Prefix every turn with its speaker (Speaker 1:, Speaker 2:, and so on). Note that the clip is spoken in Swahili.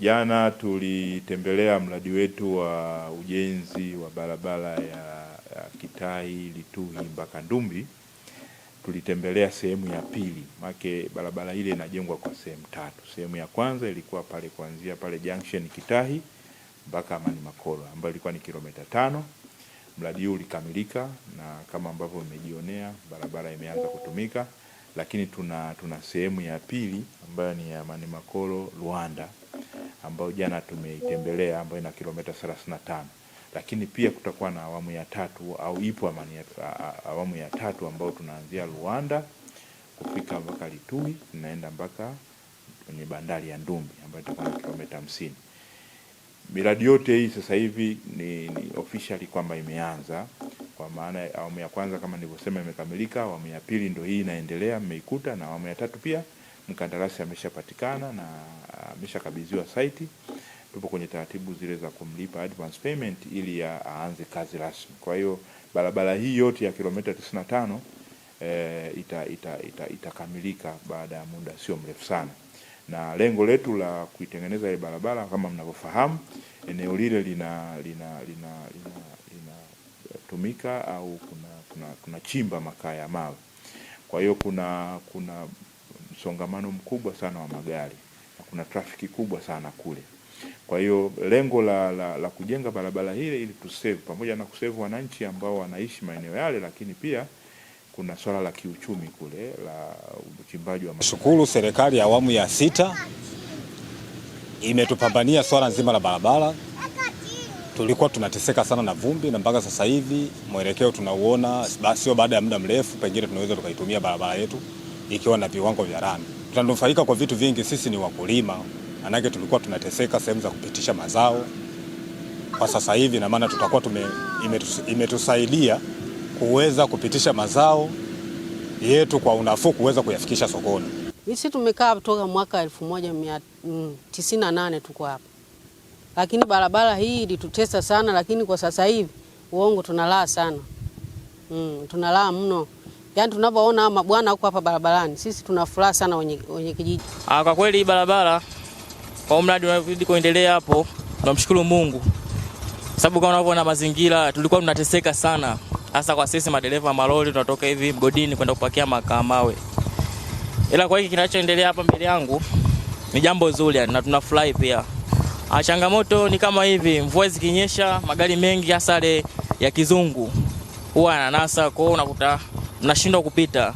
Speaker 1: Jana tulitembelea mradi wetu wa ujenzi wa barabara ya, ya Kitai Lituhi mpaka Ndumbi. Tulitembelea sehemu ya pili, make barabara ile inajengwa kwa sehemu tatu. Sehemu ya kwanza ilikuwa pale kuanzia pale junction Kitahi mpaka Amani Makoro ambayo ilikuwa ni kilomita tano. Mradi huu ulikamilika na kama ambavyo umejionea, barabara imeanza kutumika, lakini tuna tuna sehemu ya pili ambayo ni ya Amani Makoro Luanda ambayo jana tumeitembelea ambayo ina kilomita 35, lakini pia kutakuwa na awamu ya tatu au ipo amani ya, awamu ya tatu ambayo tunaanzia Luanda kufika mpaka Litui tunaenda mpaka kwenye bandari ya Ndumbi ambayo itakuwa na kilomita hamsini. Miradi yote hii sasa hivi ni, ni officially kwamba imeanza kwa maana awamu ya kwanza kama nilivyosema imekamilika. Awamu ya pili ndio hii inaendelea, mmeikuta na awamu ya tatu pia mkandarasi ameshapatikana na ameshakabidhiwa saiti, tupo kwenye taratibu zile za kumlipa advance payment ili aanze kazi rasmi. Kwa hiyo barabara hii yote ya kilomita 95 eh, itakamilika ita, ita, ita baada ya muda sio mrefu sana, na lengo letu la kuitengeneza ile barabara kama mnavyofahamu, eneo lile lina lina lina linatumika lina, lina au kuna, kuna, kuna chimba makaa ya mawe. Kwa hiyo kuna kuna msongamano mkubwa sana wa magari na kuna trafiki kubwa sana kule. Kwa hiyo lengo la, la, la kujenga barabara hile ili tusave pamoja na kusave wananchi ambao wanaishi maeneo yale, lakini pia kuna swala la kiuchumi kule la uchimbaji wa.
Speaker 2: Shukuru serikali ya awamu ya sita imetupambania swala nzima la barabara. Tulikuwa tunateseka sana na vumbi na mpaka sasa hivi mwelekeo tunauona, sio baada ya muda mrefu pengine tunaweza tukaitumia barabara yetu ikiwa na viwango vya rami. Tunanufaika kwa vitu vingi, sisi ni wakulima, manake tulikuwa tunateseka sehemu za kupitisha mazao. Kwa sasa hivi na maana tutakuwa tume, imetusaidia kuweza kupitisha mazao yetu kwa unafuu kuweza kuyafikisha sokoni.
Speaker 3: Sisi tumekaa kutoka mwaka 1998 mm, tuko hapa, lakini barabara hii ilitutesa sana, lakini kwa sasa hivi uongo tunalaa sana mm, tunalaa mno. Yaani tunavyoona mabwana huko hapa barabarani, sisi tuna furaha sana wenye, wenye kijiji.
Speaker 4: Ah, kwa kweli barabara kwa mradi unavyozidi kuendelea hapo, tunamshukuru Mungu sababu kama unavyoona mazingira tulikuwa tunateseka sana, hasa kwa sisi madereva wa malori, tunatoka hivi mgodini kwenda kupakia makaa mawe, ila kwa hiki kinachoendelea hapa mbele yangu ni jambo zuri na tunafurahi pia. Ah, changamoto ni kama hivi, mvua zikinyesha, magari mengi hasa ya kizungu huwa yananasa, kwao unakuta mnashindwa kupita.